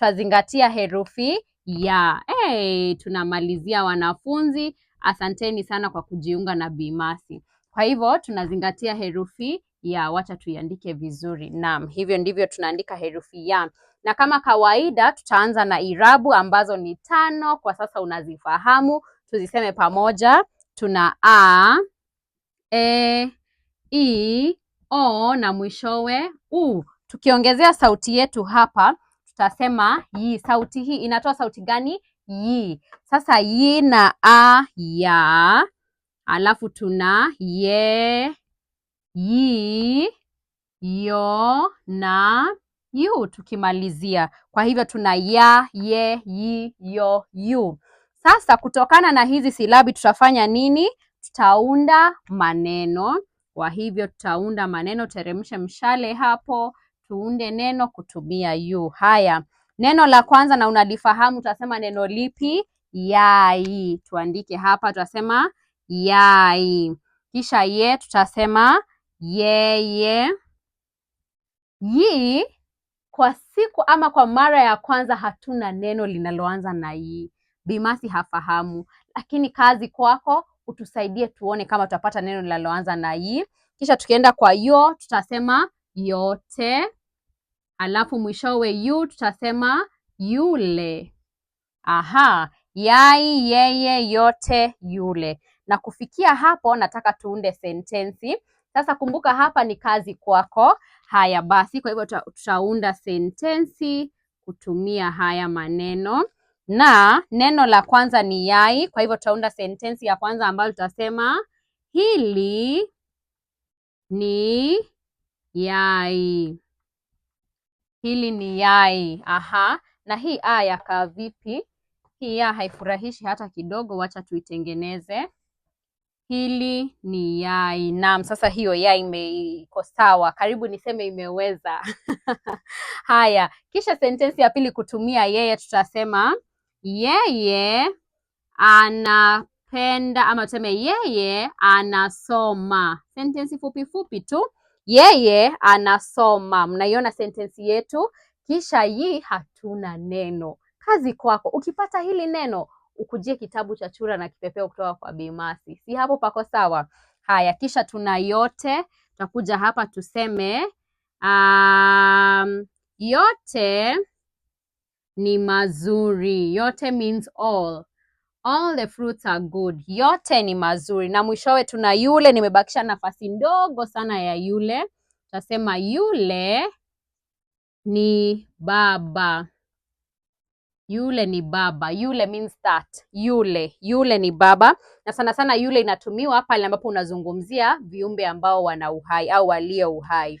tutazingatia herufi ya. Hey, tunamalizia wanafunzi, asanteni sana kwa kujiunga na Bimasi. Kwa hivyo tunazingatia herufi ya, wacha tuiandike vizuri. Naam, hivyo ndivyo tunaandika herufi ya, na kama kawaida tutaanza na irabu ambazo ni tano. Kwa sasa unazifahamu, tuziseme pamoja. Tuna a, e, i, o na mwishowe u. Tukiongezea sauti yetu hapa tutasema yi. Sauti hii inatoa sauti gani? Yi. Sasa yi na a ya, alafu tuna ye, yi, yo na yu tukimalizia. Kwa hivyo tuna ya, ye, yi, yo, yu. Sasa kutokana na hizi silabi tutafanya nini? Tutaunda maneno. Kwa hivyo tutaunda maneno. teremshe mshale hapo tuunde neno kutumia yu Haya, neno la kwanza na unalifahamu, tutasema neno lipi? Yai. Tuandike hapa, tutasema yai. Kisha ye, tutasema yeye. Yi, kwa siku ama kwa mara ya kwanza hatuna neno linaloanza na yi. Bimasi hafahamu, lakini kazi kwako utusaidie tuone kama tutapata neno linaloanza na yi. Kisha tukienda kwa yo, tutasema yote alafu mwishowe yu tutasema yule. Aha, yai, yeye, yote, yule. Na kufikia hapo nataka tuunde sentensi. Sasa kumbuka hapa ni kazi kwako. Haya basi, kwa hivyo tutaunda sentensi kutumia haya maneno, na neno la kwanza ni yai. Kwa hivyo tutaunda sentensi ya kwanza ambayo tutasema hili ni yai. Hili ni yai. Aha, na hii a yakaa vipi? Hii ya haifurahishi hata kidogo, wacha tuitengeneze. Hili ni yai. Naam, sasa hiyo yai imeiko sawa, karibu niseme imeweza. Haya, kisha sentensi ya pili kutumia yeye, tutasema yeye anapenda ama tuseme yeye anasoma. Sentensi fupi fupi tu yeye anasoma. Mnaiona sentensi yetu, kisha yi hatuna neno. Kazi kwako, ukipata hili neno ukujie kitabu cha chura na kipepeo kutoka kwa Bi Mercy. Si hapo pako sawa? Haya, kisha tuna yote, tutakuja hapa tuseme um, yote ni mazuri. Yote means all All the fruits are good, yote ni mazuri. Na mwishowe tuna yule, nimebakisha nafasi ndogo sana ya yule. Tutasema yule ni baba, yule ni baba. Yule means that, yule yule ni baba, na sana sana yule inatumiwa pale ambapo unazungumzia viumbe ambao wana uhai au walio uhai.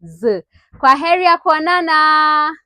z. Kwa heri ya kuonana.